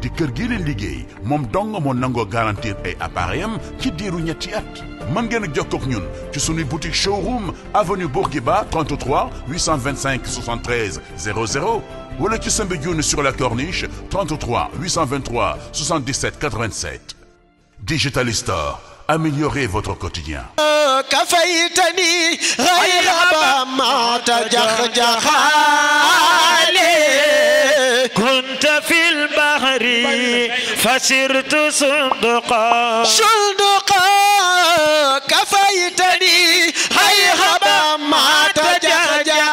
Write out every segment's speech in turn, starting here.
di kër gi leen liggéey moom dong moo nangoo garantir ay appareil am ci diiru ñetti at mën ngeen a jokkoo ak ñun ci suñuy boutique showroom avenue Bourguiba 33 825 73 00 wala ci Soumbédioune sur la corniche 33 823 77 87 Digital Store améliorez votre quotidien kafaytani فسرت صندقا صندقا كفيتني هيهبا ما تجاجا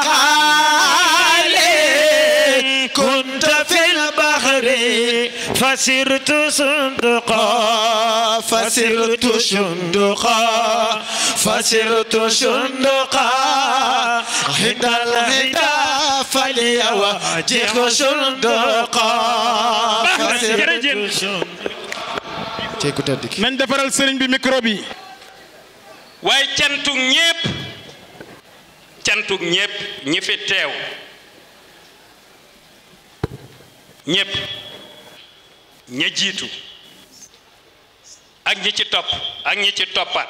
كنت في البحر فسرت صندقا فسرت صندقا فسرت صندقا عند الهداية فليوجه defaral sëriñ bi micro bi waaye cantuk ñépp cantuk ñépp ñi fi teew ñépp ña jiitu ak ñi ci topp ak ñi ci toppaat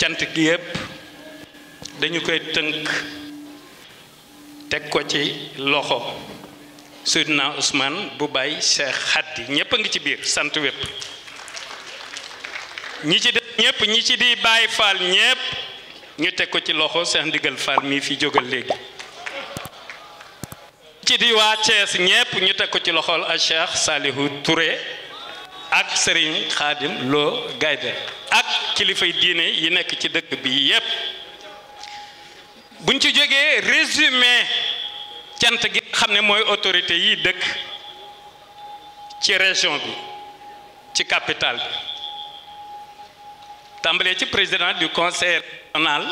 cant gi yépp dañu koy tënk teg ko ci loxo Seydina Ousmane bu bàyyi Cheikh Khady ngi ci biir sant wépp ñi ci ñëpp ñi ci di bàyyi Fall ñëpp ñu teg ko ci loxo Cheikh Ndigal Fall mii fi jógal léegi ci di waa Thiès ñëpp ñu teg ko ci loxol a Cheikh Salihu ak Serigne Khadim Lo Gaydel ak kilifay diine yi nekk ci dëkk bi yëpp buñ ci jógee résumé cant gi xam ne mooy autorité yi dëkk ci région bi ci capitale bi tàmbalee ci président du conseil régional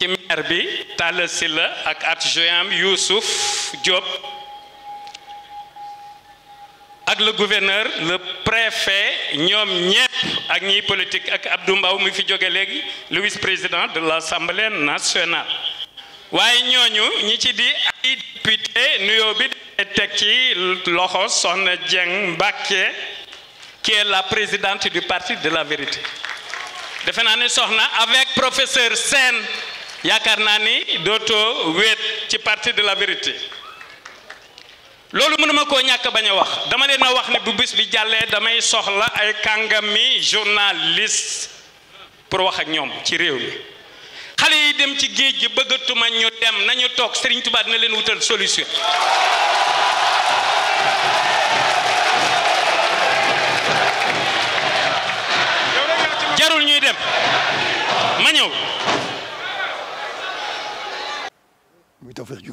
ci maire bi Talla Sylla ak at adjoint Youssouf Diop ak le gouverneur le préfet ñoom ñépp ak ñiy politique ak Abdou Mbaw mi fi jóge léegi le vice président de l'Assemblée nationale waaye ñooñu ñi ci di ay député nuyoo bi de teg ci loxo Soxna Dieng Mbacké qui est la présidente du parti de la vérité defe naa ni soxna avec professeur Sène yaakaar naa ni dootoo wéet ci parti de la vérité loolu mënuma koo ñàkk bañ a wax dama leen wax ne bu bis bi jàllee damay soxla ay kàngami journaliste pour wax ak ñoom ci réew mi xale yi dem ci géej gi bëggatuma ñu dem nañu toog Serigne Touba dina leen wutal solution jarul ñuy dem ma ñëw. muy Tawfekh ju